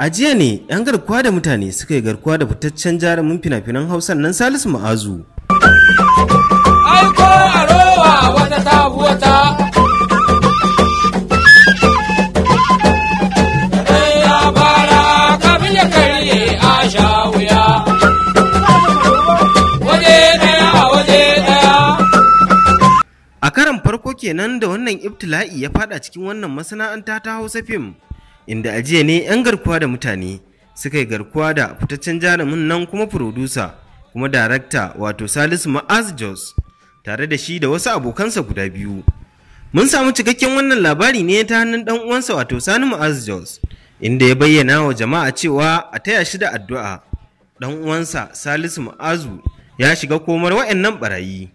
A jiya ne 'yan garkuwa da mutane suka yi garkuwa da fitaccen jarumin fina-finan Hausan nan Salisu Ma'azu. a sha A karan farko kenan da wannan ibtila'i ya fada cikin wannan masana'anta ta Hausa fim. inda a ne 'yan garkuwa da mutane suka yi garkuwa da fitaccen jarumin nan kuma furodusa kuma darakta wato salisu ma'az jos tare da shi da wasu abokansa guda biyu mun samu cikakken wannan labari ne ta hannun dan uwansa wato sani ma'az jos inda ya bayyana wa jama'a cewa a taya shi da addu'a dan uwansa salisu ma'azu ya shiga komar wayannan barayi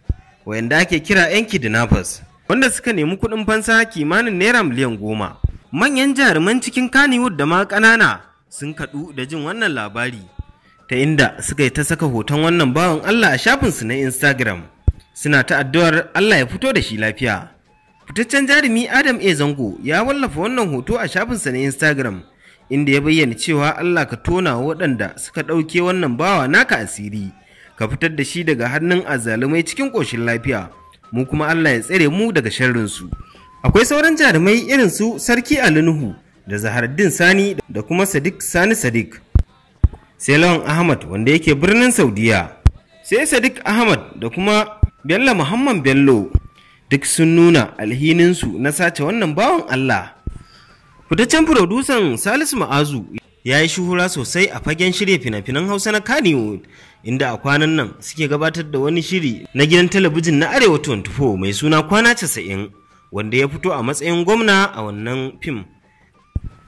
wayanda ake kira yan kidnappers wanda suka nemi kuɗin fansa kimanin naira miliyan goma manyan jaruman cikin Kannywood da ma ƙanana sun kaɗu da jin wannan labari ta inda suka yi ta saka hoton wannan bawan Allah a shafinsu na Instagram suna ta addu'ar Allah ya fito da shi lafiya. Fitaccen jarumi Adam A. Zango ya wallafa wannan hoto a shafinsa na Instagram inda ya bayyana cewa Allah ka tona waɗanda suka ɗauke wannan bawa naka asiri ka fitar da shi daga hannun azalumai cikin ƙoshin lafiya mu kuma Allah ya tsare mu daga sharrinsu. su. akwai sauran jarumai irin su sarki alinuhu da zahardin sani da kuma sadiq sani sadiq sai lawan ahmad wanda yake birnin saudiya sai sadiq ahmad da kuma bello muhammad bello duk sun nuna alhininsu na sace wannan bawan allah fitaccen furodusan salisu ma'azu ya yi shuhura sosai a fagen shirya fina-finan hausa na kaniwood inda a kwanan nan suke gabatar da wani shiri na gidan talabijin na arewa 24 mai suna kwana 90 wanda ya fito a matsayin gwamna a wannan fim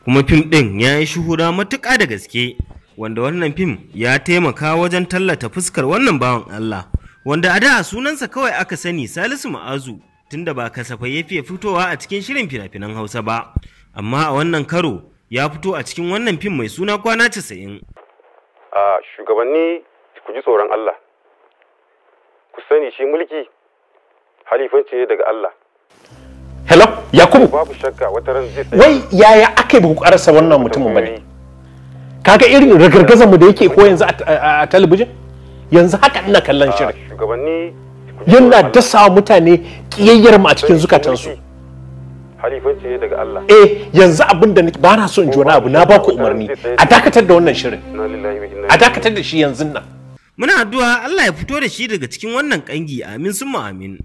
kuma fim ɗin ya yi shuhura matuƙa da gaske wanda wannan fim ya taimaka wajen tallata fuskar wannan bawan Allah wanda a da sunansa kawai aka sani Salisu Ma'azu tunda ba kasafai ya fiye fitowa a cikin shirin fina-finan Hausa ba amma a wannan karo ya fito a cikin wannan fim mai suna kwana casa'in. A shugabanni ku ji tsoron Allah ku sani shi mulki halifanci ne daga Allah hello yakubu babu shakka wata ran zai wai yaya aka yi ba ku karasa wannan mutumin bane kaga irin ragargazan mu da yake ko yanzu a talabijin yanzu haka ina kallon shirin shugabanni yana dasa mutane kiyayyar mu a cikin zukatansu halifanci daga Allah eh yanzu abin da ba na so in ji wani abu na ba ku umarni a dakatar da wannan shirin a dakatar da shi yanzu nan muna addu'a Allah ya fito da shi daga cikin wannan kangi amin summa amin